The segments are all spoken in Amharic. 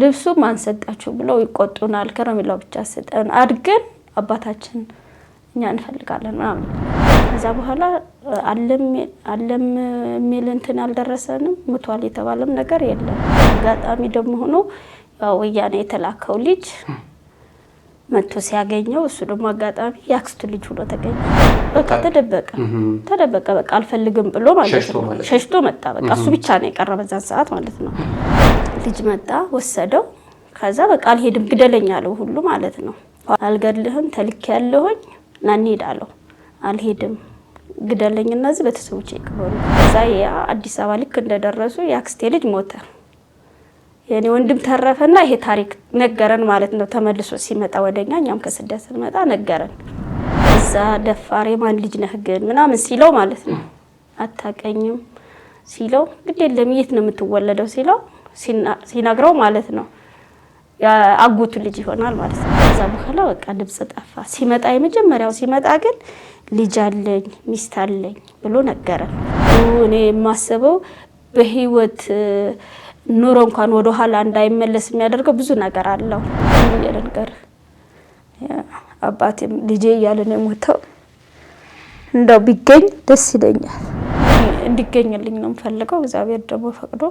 ልብሱም አንሰጣችሁ ብለው ይቆጡናል። ከረሜላው ብቻ ሰጠን አድገን አባታችን እኛ እንፈልጋለን ምናምን። ከዛ በኋላ አለም የሚል እንትን አልደረሰንም። ሙቷል የተባለም ነገር የለም። አጋጣሚ ደግሞ ሆኖ ያው ወያኔ የተላከው ልጅ መጥቶ ሲያገኘው እሱ ደግሞ አጋጣሚ የአክስቱ ልጅ ሆኖ ተገኘ። በቃ ተደበቀ ተደበቀ በቃ አልፈልግም ብሎ ማለት ነው። ሸሽቶ መጣ። በቃ እሱ ብቻ ነው የቀረ በዛን ሰዓት ማለት ነው። ልጅ መጣ ወሰደው። ከዛ በቃ አልሄድም ግደለኝ አለው ሁሉ ማለት ነው። አልገድልህም ተልኬ ያለሁኝ ና እንሂድ አለው። አልሄድም ግደለኝ እና ቤተሰቦች ይቅበሉ። ከዛ ያ አዲስ አበባ ልክ እንደደረሱ የአክስቴ ልጅ ሞተ። የኔ ወንድም ተረፈና ይሄ ታሪክ ነገረን ማለት ነው። ተመልሶ ሲመጣ ወደኛ እኛም ከስደት ስንመጣ ነገረን። እዛ ደፋሬ ማን ልጅ ነህ ግን ምናምን ሲለው ማለት ነው አታቀኝም ሲለው ግድ የለም የት ነው የምትወለደው ሲለው ሲነግረው ማለት ነው አጎቱ ልጅ ይሆናል ማለት ነው። ከዛ በኋላ በቃ ልብስ ጠፋ። ሲመጣ የመጀመሪያው ሲመጣ ግን ልጅ አለኝ ሚስት አለኝ ብሎ ነገረ። እኔ የማስበው በህይወት ኑሮ እንኳን ወደ ኋላ እንዳይመለስ የሚያደርገው ብዙ ነገር አለው። ነገር አባቴም ልጄ እያለ ነው የሞተው። እንደው ቢገኝ ደስ ይለኛል። እንዲገኝልኝ ነው የምፈልገው። እግዚአብሔር ደግሞ ፈቅዶ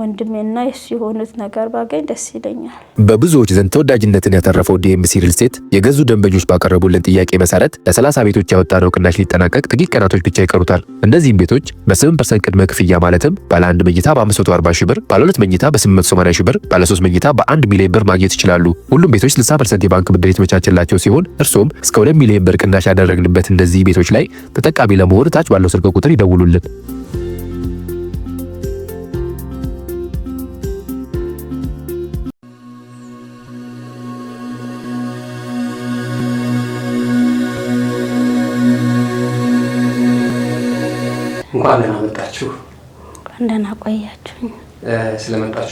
ወንድሜና የሱ የሆኑት ነገር ባገኝ ደስ ይለኛል። በብዙዎች ዘንድ ተወዳጅነትን ያተረፈው ዲኤምሲ ሪል ስቴት የገዙ ደንበኞች ባቀረቡልን ጥያቄ መሰረት ለ30 ቤቶች ያወጣነው ቅናሽ ሊጠናቀቅ ጥቂት ቀናቶች ብቻ ይቀሩታል። እነዚህም ቤቶች በ8 ፐርሰንት ቅድመ ክፍያ ማለትም ባለ አንድ መኝታ በ540 ሺ ብር፣ ባለ ሁለት መኝታ በ880 ብር፣ ባለ ሶስት መኝታ በ1 ሚሊዮን ብር ማግኘት ይችላሉ። ሁሉም ቤቶች 60 ፐርሰንት የባንክ ብድር የተመቻቸላቸው ሲሆን እርስዎም እስከ 2 ሚሊዮን ብር ቅናሽ ያደረግንበት እነዚህ ቤቶች ላይ ተጠቃሚ ለመሆን ታች ባለው ስልክ ቁጥር ይደውሉልን።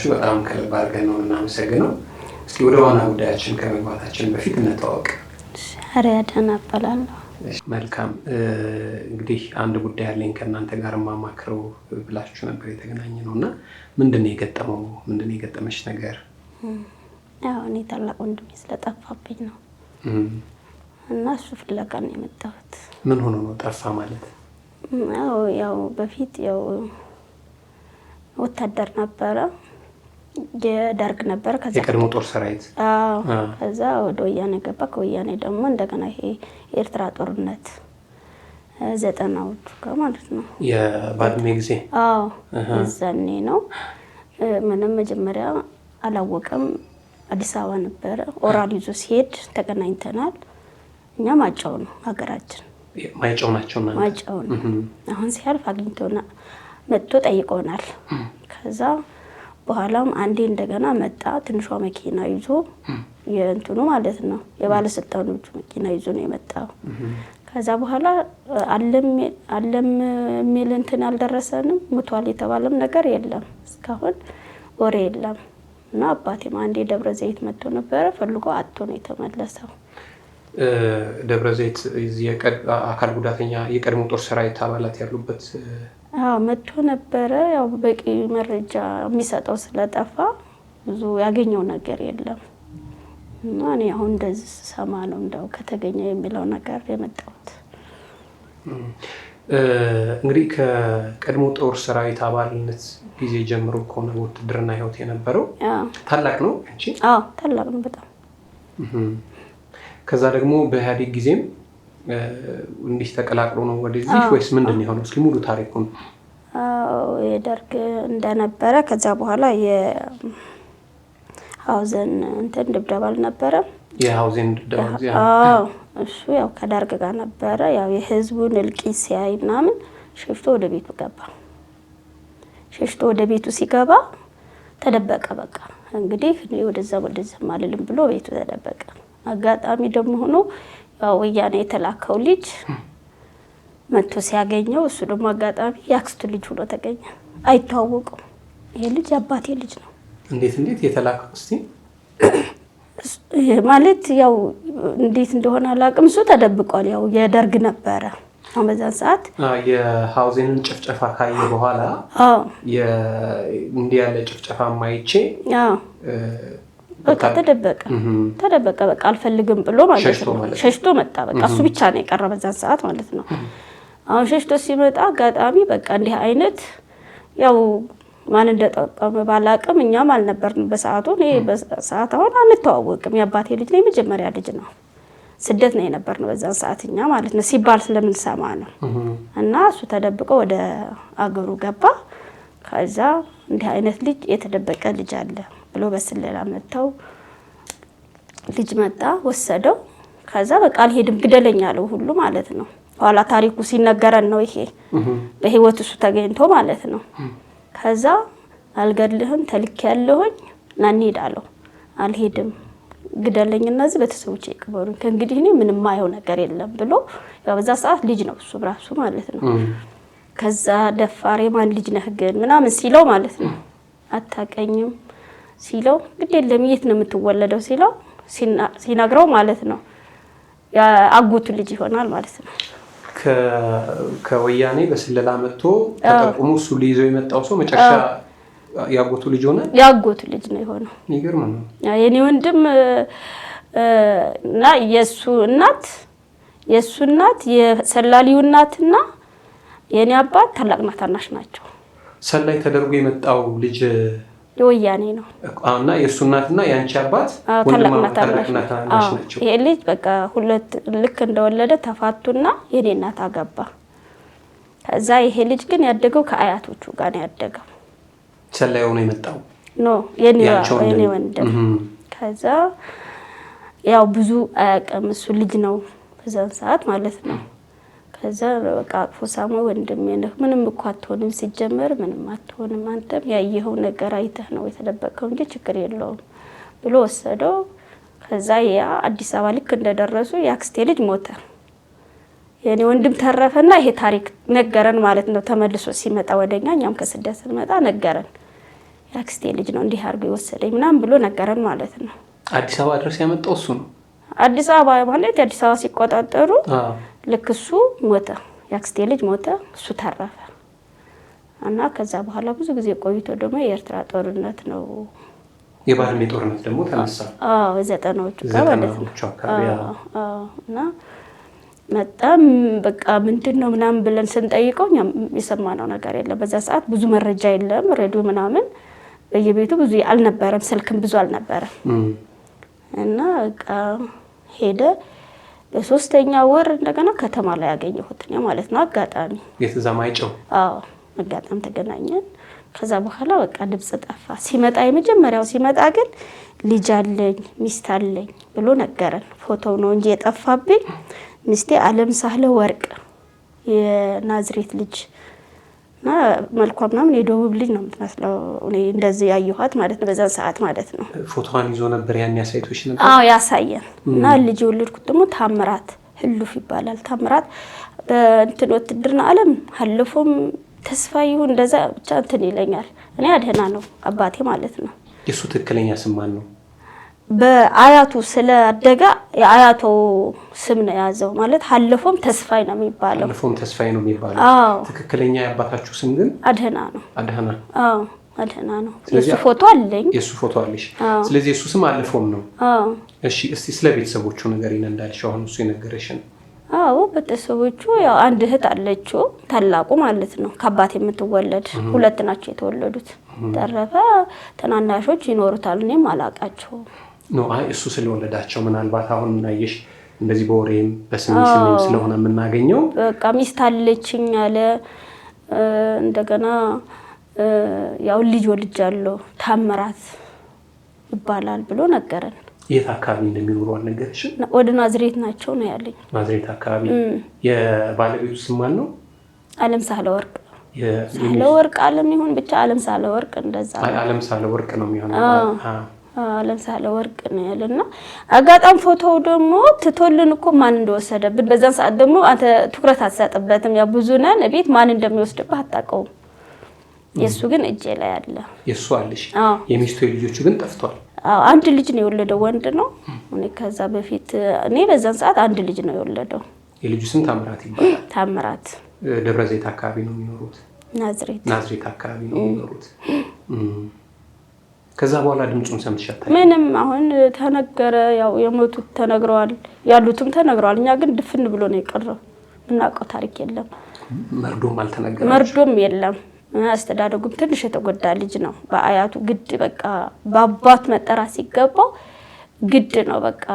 ስለመጣችሁ በጣም ከልብ አድርገን ነው እናመሰግነው። እስኪ ወደ ዋና ጉዳያችን ከመግባታችን በፊት እንተዋወቅ። አሪያዳን እባላለሁ። መልካም እንግዲህ አንድ ጉዳይ አለኝ ከእናንተ ጋር የማማክረው ብላችሁ ነበር የተገናኘ ነው እና ምንድን ነው የገጠመው? ምንድን ነው የገጠመች ነገር? ያው እኔ ታላቅ ወንድሜ ስለጠፋብኝ ነው እና እሱ ፍለጋ ነው የመጣሁት። ምን ሆኖ ነው ጠፋ ማለት? ያው በፊት ያው ወታደር ነበረ የደርግ ነበር የቀድሞ ጦር ሰራዊት። ከዛ ወደ ወያኔ ገባ። ከወያኔ ደግሞ እንደገና ይሄ የኤርትራ ጦርነት ዘጠናዎቹ ጋር ማለት ነው የባድሜ ጊዜ። እዛኔ ነው ምንም መጀመሪያ አላወቀም። አዲስ አበባ ነበረ ኦራል ይዞ ሲሄድ ተገናኝተናል። እኛ ማጫው ነው ሀገራችን ማጫው ናቸው ማጫው ነው። አሁን ሲያልፍ አግኝቶና መጥቶ ጠይቆናል። ከዛ በኋላም አንዴ እንደገና መጣ። ትንሿ መኪና ይዞ የእንትኑ ማለት ነው የባለስልጣኖቹ መኪና ይዞ ነው የመጣው። ከዛ በኋላ አለም የሚል እንትን አልደረሰንም። ሙቷል የተባለም ነገር የለም እስካሁን ወሬ የለም። እና አባቴም አንዴ ደብረ ዘይት መጥቶ ነበረ ፈልጎ አቶ ነው የተመለሰው። ደብረ ዘይት አካል ጉዳተኛ የቀድሞ ጦር ሰራዊት አባላት ያሉበት መጥቶ ነበረ። ያው በቂ መረጃ የሚሰጠው ስለጠፋ ብዙ ያገኘው ነገር የለም እና እኔ አሁን እንደዚህ ስሰማ ነው እንደው ከተገኘ የሚለው ነገር የመጣሁት። እንግዲህ ከቀድሞ ጦር ሰራዊት አባልነት ጊዜ ጀምሮ ከሆነ ውትድርና ህይወት የነበረው ታላቅ ነው። ታላቅ ነው በጣም ከዛ ደግሞ በኢህአዴግ ጊዜም እንዲህ ተቀላቅሎ ነው ወደዚህ ወይስ ምንድን የሆነው? እስኪ ሙሉ ታሪኩን። የደርግ እንደነበረ ከዛ በኋላ የሀውዘን እንትን ድብደባ አልነበረም? የሀውዜን ድብደባ እሱ ያው ከደርግ ጋር ነበረ። ያው የህዝቡን እልቂት ሲያይ ምናምን ሸሽቶ ወደ ቤቱ ገባ። ሸሽቶ ወደ ቤቱ ሲገባ ተደበቀ። በቃ እንግዲህ እኔ ወደዛ ወደዛ አልልም ብሎ ቤቱ ተደበቀ። አጋጣሚ ደግሞ ሆኖ ወያኔ የተላከው ልጅ መጥቶ ሲያገኘው እሱ ደግሞ አጋጣሚ የአክስቱ ልጅ ሆኖ ተገኘ። አይተዋወቁም። ይሄ ልጅ አባቴ ልጅ ነው። እንዴት እንዴት የተላከው እስቲ ማለት ያው እንዴት እንደሆነ አላውቅም። እሱ ተደብቋል። ያው የደርግ ነበረ አሁን በዛን ሰዓት የሀውዜንን ጭፍጨፋ ካየ በኋላ እንዲህ ያለ ጭፍጨፋ ማይቼ በቃ ተደበቀ ተደበቀ። በቃ አልፈልግም ብሎ ማለት ነው። ሸሽቶ መጣ። በቃ እሱ ብቻ ነው የቀረ በዛን ሰዓት ማለት ነው። አሁን ሸሽቶ ሲመጣ አጋጣሚ በቃ እንዲህ አይነት ያው ማን እንደጠቀመ ባላቅም እኛም አልነበርን በሰዓቱ። እኔ በሰዓት አሁን አንተዋወቅም። የአባቴ ልጅ ነው፣ የመጀመሪያ ልጅ ነው። ስደት ነው የነበርነው በዛን ሰዓት እኛ ማለት ነው። ሲባል ስለምንሰማ ነው። እና እሱ ተደብቆ ወደ አገሩ ገባ። ከዛ እንዲህ አይነት ልጅ የተደበቀ ልጅ አለ ብሎ በስለላ መጥተው ልጅ መጣ ወሰደው። ከዛ በቃ አልሄድም ግደለኝ አለው ሁሉ ማለት ነው። ኋላ ታሪኩ ሲነገረን ነው ይሄ በህይወት እሱ ተገኝቶ ማለት ነው። ከዛ አልገድልህም ተልክ ያለሁኝ ና እንሂድ አለው። አልሄድም ግደለኝ፣ እነዚህ ቤተሰቦቼ ይቅበሩኝ፣ ከእንግዲህ እኔ ምንም ማየው ነገር የለም ብሎ ያው በዛ ሰዓት ልጅ ነው እሱ ራሱ ማለት ነው። ከዛ ደፋሬ ማን ልጅ ነህ ግን ምናምን ሲለው ማለት ነው አታቀኝም ሲለው ግድ የለም የት ነው የምትወለደው ሲለው ሲነግረው ማለት ነው አጎቱ ልጅ ይሆናል ማለት ነው። ከወያኔ በስለላ መጥቶ ተጠቁሞ እሱ ሊይዘው የመጣው ሰው መጨረሻ የአጎቱ ልጅ ሆነ። የአጎቱ ልጅ ነው የሆነው። ይገርም ነው። የኔ ወንድም እና የእሱ እናት የእሱ እናት የሰላሊው እናትና የእኔ አባት ታላቅና ታናሽ ናቸው። ሰላይ ተደርጎ የመጣው ልጅ የወያኔ ነው እና የእሱ እናትና የአንቺ አባት ታላቅናታናቸው። ይሄ ልጅ በቃ ሁለት ልክ እንደወለደ ተፋቱና የኔ እናት አገባ። ከዛ ይሄ ልጅ ግን ያደገው ከአያቶቹ ጋር ነው ያደገው። ሰላይ ሆኖ የመጣው ኖ የኔ ወንድም። ከዛ ያው ብዙ አያውቅም እሱ ልጅ ነው በዛን ሰዓት ማለት ነው ከዛ በቃ አቅፎ ሳሞ ወንድሜ ነህ፣ ምንም እኮ አትሆንም፣ ሲጀመር ምንም አትሆንም፣ አንተም ያየኸው ነገር አይተህ ነው የተደበቀው እንጂ ችግር የለውም ብሎ ወሰደው። ከዛ ያ አዲስ አበባ ልክ እንደደረሱ የአክስቴ ልጅ ሞተ። የኔ ወንድም ተረፈና ይሄ ታሪክ ነገረን ማለት ነው። ተመልሶ ሲመጣ ወደኛ እኛም ከስደት ስንመጣ ነገረን። የአክስቴ ልጅ ነው እንዲህ አድርጎ የወሰደኝ ምናም ብሎ ነገረን ማለት ነው። አዲስ አበባ ድረስ ያመጣው እሱ ነው። አዲስ አበባ ማለት የአዲስ አበባ ሲቆጣጠሩ ልክ እሱ ሞተ፣ የአክስቴ ልጅ ሞተ፣ እሱ ተረፈ እና ከዛ በኋላ ብዙ ጊዜ ቆይቶ ደግሞ የኤርትራ ጦርነት ነው የባህል ጦርነት ደግሞ ተነሳ። ዘጠናዎቹ እና መጣም በቃ ምንድን ነው ምናምን ብለን ስንጠይቀው የሰማነው ነገር የለም። በዛ ሰዓት ብዙ መረጃ የለም። ሬዲዮ ምናምን በየቤቱ ብዙ አልነበረም፣ ስልክም ብዙ አልነበረም እና ሄደ በሶስተኛ ወር እንደገና ከተማ ላይ ያገኘሁት ማለት ነው። አጋጣሚ የተዛማይጨው አጋጣሚ ተገናኘን። ከዛ በኋላ በቃ ድምፅ ጠፋ። ሲመጣ የመጀመሪያው ሲመጣ ግን ልጅ አለኝ ሚስት አለኝ ብሎ ነገረን። ፎቶ ነው እንጂ የጠፋብኝ። ሚስቴ አለም ሳህለ ወርቅ የናዝሬት ልጅ እና መልኳ ምናምን የደቡብ ልጅ ነው የምትመስለው። እኔ እንደዚህ ያየኋት ማለት ነው፣ በዛን ሰዓት ማለት ነው። ፎቶዋን ይዞ ነበር ያን ያሳይቶች ነበር። አዎ ያሳየን። እና ልጅ የወለድኩት ደግሞ ታምራት ህሉፍ ይባላል። ታምራት በእንትን ውትድርና አለም አልፎም ተስፋ ይሁን እንደዛ ብቻ እንትን ይለኛል። እኔ አደህና ነው አባቴ ማለት ነው። የእሱ ትክክለኛ ስም ማን ነው? በአያቱ ስለአደገ የአያቶ ስም ነው የያዘው። ማለት ሀለፎም ተስፋይ ነው የሚባለው። ሀለፎም ተስፋይ ነው የሚባለው። አዎ። ትክክለኛ የአባታችሁ ስም ግን አድህና ነው። አድህና። አዎ፣ አድህና ነው። የሱ ፎቶ አለኝ። የሱ ፎቶ አለሽ። ስለዚህ የሱ ስም አለፎም ነው። አዎ። እሺ፣ እስቲ ስለ ቤተሰቦቹ ነገር እንዳልሽ አሁን እሱ የነገረሽን። አዎ፣ ቤተሰቦቹ ያው አንድ እህት አለችው፣ ታላቁ ማለት ነው፣ ከአባት የምትወለድ ሁለት ናቸው የተወለዱት። ተረፈ ትናናሾች ይኖሩታል፣ እኔም አላቃቸውም። ነው። አይ እሱ ስለወለዳቸው ምናልባት አሁን እናየሽ እንደዚህ በወሬም በስሜ ስሜም ስለሆነ የምናገኘው በቃ ሚስት አለችኝ አለ። እንደገና ያው ልጅ ወልጃለሁ ታምራት ይባላል ብሎ ነገረን። የት አካባቢ እንደሚኖሩ አልነገረሽም? ወደ ናዝሬት ናቸው ነው ያለኝ። ናዝሬት አካባቢ። የባለቤቱ ስም ማን ነው? አለም ሳለ ወርቅ ሳለ ወርቅ አለም ይሁን ብቻ አለም ሳለ ወርቅ እንደዛ አለም ሳለ ወርቅ ነው የሚሆነው ለምሳሌ ወርቅ ነው ያለና አጋጣሚ ፎቶው ደግሞ ትቶልን እኮ ማን እንደወሰደብን በዛን ሰዓት ደግሞ አንተ ትኩረት አትሰጥበትም። ያ ብዙ ነን ቤት ማን እንደሚወስድብህ አታውቀውም። የእሱ ግን እጄ ላይ አለ። የእሱ አለሽ። የሚስቱ ልጆቹ ግን ጠፍቷል። አንድ ልጅ ነው የወለደው፣ ወንድ ነው። እኔ ከዛ በፊት እኔ በዛን ሰዓት አንድ ልጅ ነው የወለደው። የልጁ ስም ታምራት ይባላል። ታምራት ደብረ ዘይት አካባቢ ነው የሚኖሩት። ናዝሬት ናዝሬት አካባቢ ነው የሚኖሩት። ከዛ በኋላ ድምፁን ሰምተሻል? ምንም አሁን ተነገረ። ያው የሞቱት ተነግረዋል፣ ያሉትም ተነግረዋል። እኛ ግን ድፍን ብሎ ነው የቀረው። የምናውቀው ታሪክ የለም። መርዶም አልተነገረ፣ መርዶም የለም። አስተዳደጉም ትንሽ የተጎዳ ልጅ ነው። በአያቱ ግድ በቃ በአባት መጠራት ሲገባው ግድ ነው በቃ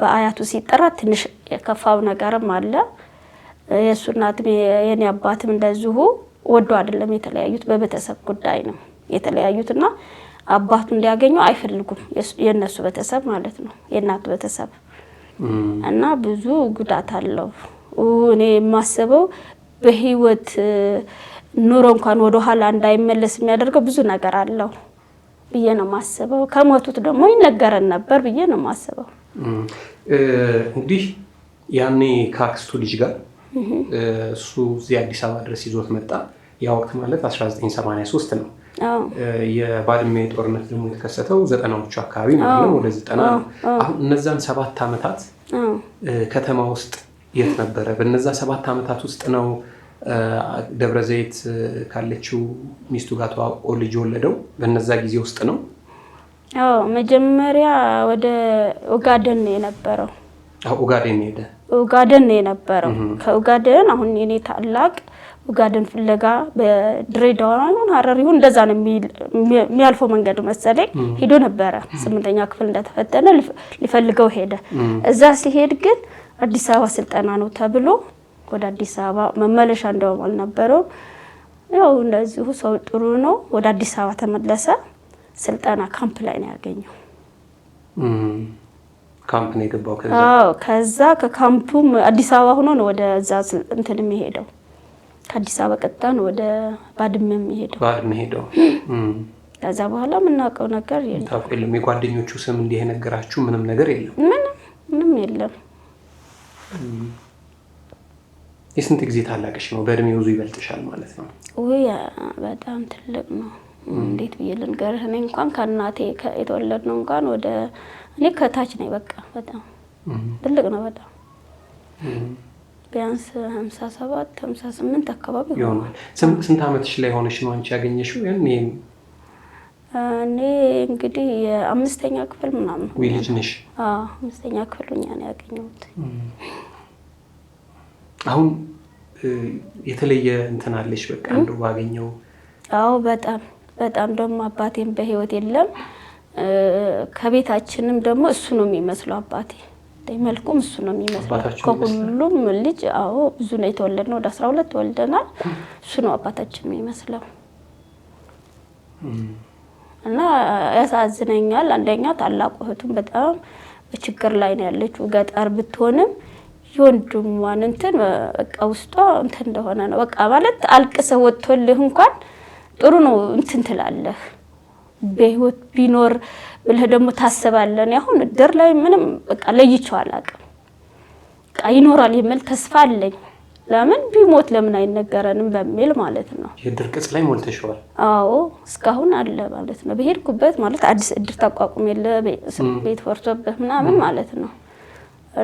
በአያቱ ሲጠራ ትንሽ የከፋው ነገርም አለ። የእሱ እናትም የኔ አባትም እንደዚሁ ወዶ አይደለም የተለያዩት፣ በቤተሰብ ጉዳይ ነው የተለያዩት እና አባቱ እንዲያገኙ አይፈልጉም። የእነሱ ቤተሰብ ማለት ነው የእናቱ ቤተሰብ እና ብዙ ጉዳት አለው። እኔ የማስበው በህይወት ኑሮ እንኳን ወደ ኋላ እንዳይመለስ የሚያደርገው ብዙ ነገር አለው ብዬ ነው የማስበው። ከሞቱት ደግሞ ይነገረን ነበር ብዬ ነው የማስበው። እንግዲህ ያኔ ከአክስቱ ልጅ ጋር እሱ እዚህ አዲስ አበባ ድረስ ይዞት መጣ። ያ ወቅት ማለት 1983 ነው። የባድሜ ጦርነት ደግሞ የተከሰተው ዘጠናዎቹ አካባቢ ማለት ነው፣ ወደ ዘጠና አሁን እነዛን ሰባት ዓመታት ከተማ ውስጥ የት ነበረ? በነዛ ሰባት ዓመታት ውስጥ ነው ደብረ ዘይት ካለችው ሚስቱ ጋር ተዋውቆ ልጅ ወለደው። በነዛ ጊዜ ውስጥ ነው። አዎ መጀመሪያ ወደ ኦጋደን ነው የነበረው። ኦጋደን ሄደ። ኦጋደን ነው የነበረው። ከኦጋደን አሁን የኔ ታላቅ ውጋድን ፍለጋ በድሬዳዋ ሀረር ይሁን እንደዛ ነው የሚያልፈው መንገድ መሰለኝ። ሄዶ ነበረ ስምንተኛ ክፍል እንደተፈተነ ሊፈልገው ሄደ። እዛ ሲሄድ ግን አዲስ አበባ ስልጠና ነው ተብሎ ወደ አዲስ አበባ መመለሻ እንደውም አልነበረው። ያው እንደዚሁ ሰው ጥሩ ነው። ወደ አዲስ አበባ ተመለሰ። ስልጠና ካምፕ ላይ ነው ያገኘው። ካምፕ ነው የገባው። ከዛ ከካምፑም አዲስ አበባ ሆኖ ነው ወደዛ እንትን የሚሄደው ከአዲስ አበባ ቀጥታን ወደ ባድመ ሄደው ባድመ ሄደው ከዛ በኋላ የምናውቀው ነገር የለም። የጓደኞቹ ስም እንዲህ የነገራችሁ ምንም ነገር የለም? ምንም ምንም የለም። የስንት ጊዜ ታላቅሽ ነው? በእድሜ ብዙ ይበልጥሻል ማለት ነው? ውይ በጣም ትልቅ ነው። እንዴት ብዬ ልንገርህ? እኔ እንኳን ከእናቴ የተወለድ ነው እንኳን ወደ እኔ ከታች ነኝ። በቃ በጣም ትልቅ ነው በጣም ቢያንስ ሀምሳ ሰባት ሀምሳ ስምንት አካባቢ ይሆናል። ስንት ዓመትሽ ላይ ሆነሽ ነው አንቺ ያገኘሽው? ይህን እኔ እንግዲህ የአምስተኛ ክፍል ምናምን ልጅ ነሽ? አምስተኛ ክፍል ሆኛ ነው ያገኘሁት። አሁን የተለየ እንትን አለሽ? በቃ እንደው ባገኘው። አዎ በጣም በጣም ደግሞ አባቴም በህይወት የለም። ከቤታችንም ደግሞ እሱ ነው የሚመስለው አባቴ በተመጣጣኝ መልኩም እሱ ነው የሚመስለው ከሁሉም ልጅ። አዎ ብዙ ነው የተወለድ ነው፣ ወደ አስራ ሁለት ተወልደናል። እሱ ነው አባታችን የሚመስለው እና ያሳዝነኛል። አንደኛ ታላቁ እህቱም በጣም በችግር ላይ ነው ያለችው። ገጠር ብትሆንም የወንድሟን እንትን በቃ ውስጧ እንትን እንደሆነ ነው በቃ ማለት አልቅሰህ ወጥቶልህ እንኳን ጥሩ ነው እንትን ትላለህ በህይወት ቢኖር ብልህ ደግሞ ታስባለን እኔ አሁን እድር ላይ ምንም በቃ ለይቼው አላውቅም። በቃ ይኖራል የሚል ተስፋ አለኝ። ለምን ቢሞት ለምን አይነገረንም በሚል ማለት ነው። የእድር ቅጽ ላይ ሞልተሽዋል? አዎ እስካሁን አለ ማለት ነው። በሄድኩበት ማለት አዲስ እድር ታቋቁም የለ ቤት ወርሶብህ ምናምን ማለት ነው።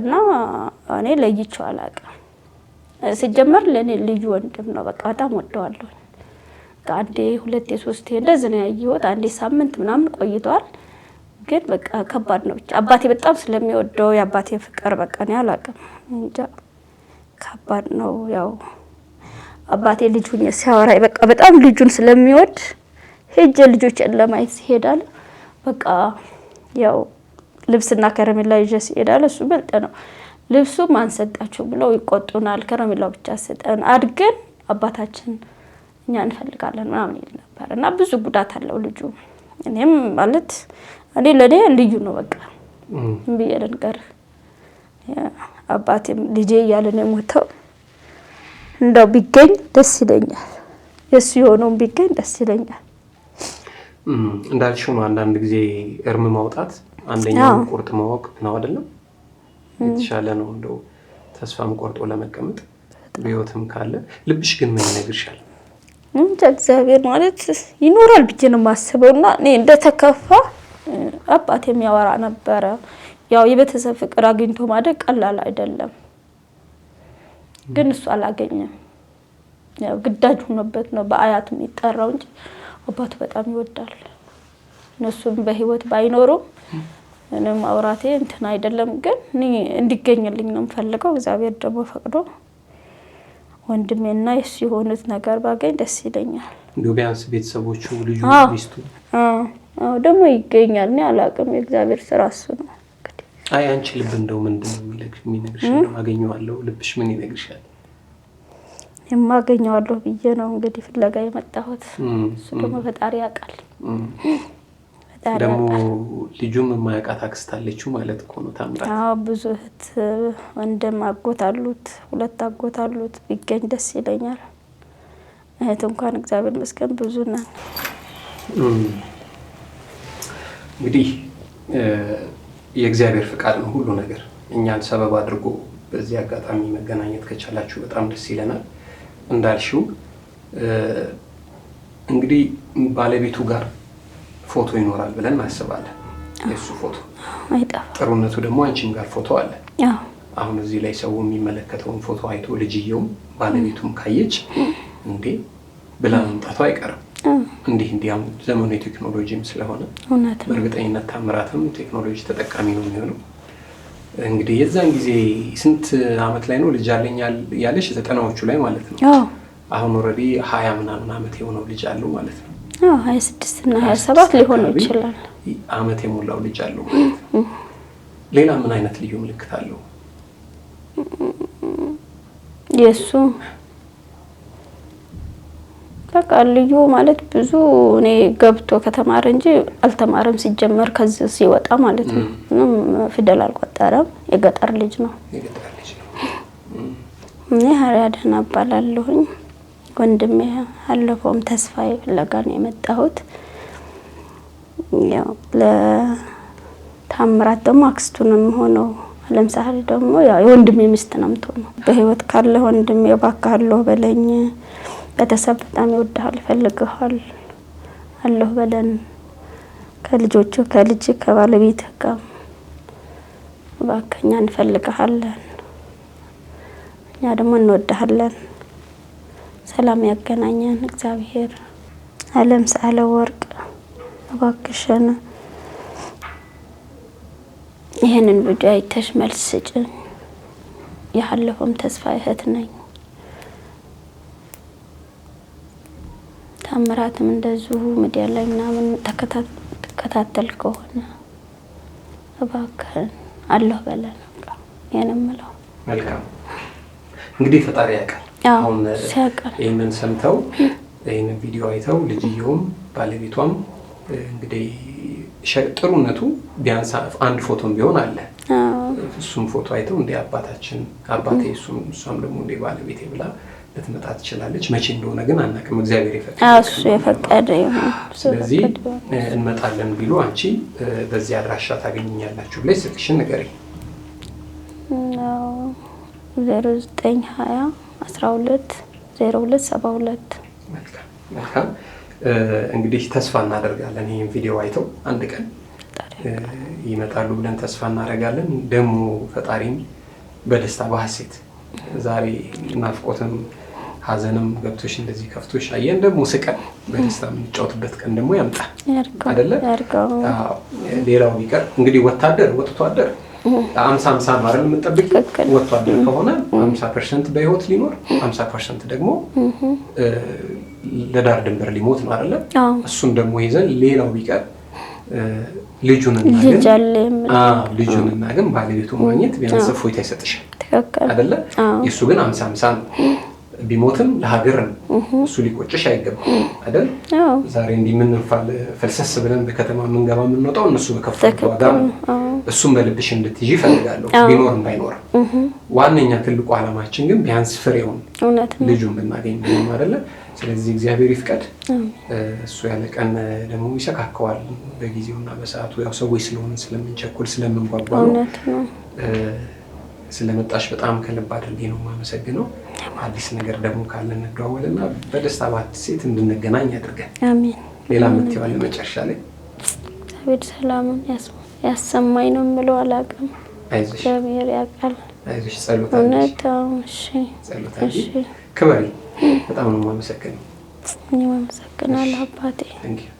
እና እኔ ለይቼው አላውቅም። ሲጀመር ለእኔ ልዩ ወንድም ነው። በቃ በጣም ወደዋለሁ። አንዴ ሁለቴ ሶስቴ እንደዚህ ነው ያየሁት። አንዴ ሳምንት ምናምን ቆይተዋል። ግን በቃ ከባድ ነው። ብቻ አባቴ በጣም ስለሚወደው የአባቴ ፍቅር በቃ እኔ አላውቅም እንጃ ከባድ ነው። ያው አባቴ ልጁ ሲያወራኝ በቃ በጣም ልጁን ስለሚወድ ሄጀ ልጆችን ለማየት ሲሄዳል በቃ ያው ልብስና ከረሜላ ይዤ ሲሄዳል እሱ በልጠ ነው ልብሱ ማን ሰጣችሁ ብለው ይቆጡናል። ከረሜላው ብቻ ሰጠን አድገን አባታችን እኛ እንፈልጋለን ምናምን ይል ነበር እና ብዙ ጉዳት አለው ልጁ እኔም ማለት እኔ ለእኔ ልዩ ነው። በቃ ብዬ ልንገርህ አባቴም ልጄ እያለ ነው የሞተው። እንደው ቢገኝ ደስ ይለኛል፣ የእሱ የሆነውን ቢገኝ ደስ ይለኛል። እንዳልሽው ነው። አንዳንድ ጊዜ እርም ማውጣት አንደኛው ቁርጥ ማወቅ ነው አይደለም? የተሻለ ነው እንደው ተስፋም ቆርጦ ለመቀመጥ በህይወትም ካለ ልብሽ ግን ምን ይነግርሻል? እንጃ እግዚአብሔር ማለት ይኖራል ብዬ ነው የማስበው እና እኔ እንደተከፋ አባት የሚያወራ ነበረ። ያው የቤተሰብ ፍቅር አግኝቶ ማደግ ቀላል አይደለም፣ ግን እሱ አላገኘም። ያው ግዳጅ ሆኖበት ነው በአያት የሚጠራው እንጂ አባቱ በጣም ይወዳል። እነሱም በህይወት ባይኖሩም እኔም ማውራቴ እንትን አይደለም፣ ግን እንዲገኝልኝ ነው የምፈልገው። እግዚአብሔር ደግሞ ፈቅዶ ወንድሜና የሱ የሆኑት ነገር ባገኝ ደስ ይለኛል። ቢያንስ ቤተሰቦቹ ልዩ ሚስቱ አዎ ደግሞ ይገኛል። እኔ አላውቅም። የእግዚአብሔር ስራ እሱ ነው። አይ አንቺ ልብ እንደው ምንድን ነው የሚነግርሽ? አገኘዋለሁ ልብሽ ምን ይነግርሻል? የማገኘዋለሁ ብዬ ነው እንግዲህ ፍለጋ የመጣሁት። እሱ ደግሞ ፈጣሪ ያውቃል። ደግሞ ልጁም የማያውቃት አክስት አለችው ማለት እኮ ነው ታምራት። አዎ ብዙ እህት ወንድም አጎት አሉት፣ ሁለት አጎት አሉት። ቢገኝ ደስ ይለኛል። እህት እንኳን እግዚአብሔር ይመስገን ብዙ ነን። እንግዲህ የእግዚአብሔር ፍቃድ ነው ሁሉ ነገር። እኛን ሰበብ አድርጎ በዚህ አጋጣሚ መገናኘት ከቻላችሁ በጣም ደስ ይለናል። እንዳልሽው እንግዲህ ባለቤቱ ጋር ፎቶ ይኖራል ብለን እናስባለን። የእሱ ፎቶ ጥሩነቱ ደግሞ አንቺም ጋር ፎቶ አለ። አሁን እዚህ ላይ ሰው የሚመለከተውን ፎቶ አይቶ ልጅየውም ባለቤቱም ካየች እንዴ ብላ መምጣቱ አይቀርም። እንዲህ እንዲያም ዘመኑ የቴክኖሎጂም ስለሆነ በእርግጠኝነት ታምራትም ቴክኖሎጂ ተጠቃሚ ነው የሚሆነው። እንግዲህ የዛን ጊዜ ስንት አመት ላይ ነው ልጅ አለኝ ያለሽ? ዘጠናዎቹ ላይ ማለት ነው። አሁን ኦልሬዲ ሀያ ምናምን አመት የሆነው ልጅ አለው ማለት ነው። ሀያ ስድስት እና ሀያ ሰባት ሊሆን ይችላል አመት የሞላው ልጅ አለው ማለት ሌላ ምን አይነት ልዩ ምልክት አለው የእሱ በቃ ልዩ ማለት ብዙ እኔ ገብቶ ከተማረ እንጂ አልተማረም። ሲጀመር ከዚህ ሲወጣ ማለት ነው ምንም ፊደል አልቆጠረም። የገጠር ልጅ ነው። እኔ ሀሪያ ደህና እባላለሁኝ። ወንድሜ አለፈውም ተስፋ ፍለጋ የመጣሁት። ያው ለታምራት ደግሞ አክስቱንም ሆነው ለምሳሌ ደግሞ ያው የወንድሜ ሚስት ነው የምትሆነው። በህይወት ካለ ወንድሜ እባክህ አለሁ በለኝ ቤተሰብ በጣም ይወድሃል፣ ይፈልግሃል አለሁ በለን ከልጆቹ ከልጅ ከባለቤት ጋር ባከኛ እንፈልግሃለን፣ እኛ ደግሞ እንወድሃለን። ሰላም ያገናኘን እግዚአብሔር። አለም ሳለ ወርቅ እባክሽን ይህንን ቪዲዮ አይተሽ መልስ ስጭኝ። ተስፋ እህት ነኝ። ታምራትም እንደዚሁ ሚዲያ ላይ ምናምን ተከታተል ከሆነ እባክህን አለሁ በለን የንምለው መልካም እንግዲህ ፈጣሪ ያውቃል። አሁን ይህንን ሰምተው ይህንን ቪዲዮ አይተው ልጅየውም ባለቤቷም እንግዲህ ጥሩነቱ ቢያንስ አንድ ፎቶም ቢሆን አለ። እሱም ፎቶ አይተው እንደ አባታችን አባቴ እሱም እሷም ደግሞ እንደ ባለቤቴ ብላ ልትመጣ ትችላለች። መቼ እንደሆነ ግን አናውቅም። እግዚአብሔር የፈቀደ ይሁን። ስለዚህ እንመጣለን ቢሉ አንቺ በዚህ አድራሻ ታገኝኛላችሁ ብለሽ ስልክሽን ንገሪኝ። ዜሮ ዘጠኝ ሀያ አስራ ሁለት ዜሮ ሁለት ሰባ ሁለት መልካም። እንግዲህ ተስፋ እናደርጋለን ይህን ቪዲዮ አይተው አንድ ቀን ይመጣሉ ብለን ተስፋ እናደርጋለን። ደግሞ ፈጣሪም በደስታ በሐሴት ዛሬ ናፍቆትም ሀዘንም ገብቶሽ እንደዚህ ከፍቶሽ አየን ደግሞ ስቀን በደስታ የምንጫወትበት ቀን ደግሞ ያምጣ አይደለ? ሌላው ቢቀር እንግዲህ ወታደር ወጥቶ አደር አምሳ አምሳ ነው አይደል የምጠብቅ ወጥቶ አደር ከሆነ አምሳ ፐርሰንት በህይወት ሊኖር አምሳ ፐርሰንት ደግሞ ለዳር ድንበር ሊሞት ነው አይደለ? እሱን ደግሞ ይዘን ሌላው ቢቀር ልጁንና ልጁንና ግን ባለቤቱ ማግኘት ቢያንስ እፎይታ ይሰጥሻል አይደለ? የእሱ ግን አምሳ አምሳ ነው። ቢሞትም ለሀገር ነው። እሱ ሊቆጭሽ አይገባም አይደል? ዛሬ እንዲህ የምንፋል ፈልሰስ ብለን በከተማ የምንገባ የምንወጣው እነሱ በከፈሉት ዋጋ እሱም በልብሽ እንድትይዥ ይፈልጋለሁ ቢኖር ባይኖርም ዋነኛ ትልቁ አላማችን ግን ቢያንስ ፍሬውን ልጁን ብናገኝ ምንም አይደለ። ስለዚህ እግዚአብሔር ይፍቀድ። እሱ ያለ ቀን ደግሞ ይሰካከዋል በጊዜውና በሰዓቱ። ያው ሰዎች ስለሆነ ስለምንቸኩል ስለምንጓጓ ነው። ስለመጣሽ በጣም ከልብ አድርጌ ነው የማመሰግነው። አዲስ ነገር ደግሞ ካለ እንደዋወልና በደስታ ባት ሴት እንድንገናኝ ያድርገን። አሜን። ሌላ የምትይው መጨረሻ ላይ? እግዚአብሔር ሰላምን ያሰማኝ ነው የምለው። አላውቅም። አይዞሽ፣ እግዚአብሔር ያውቃል። አይዞሽ፣ ጸሎት እውነት። ክበሪ። በጣም ነው የማመሰግነው። እኔም አመሰግናለሁ አባቴ።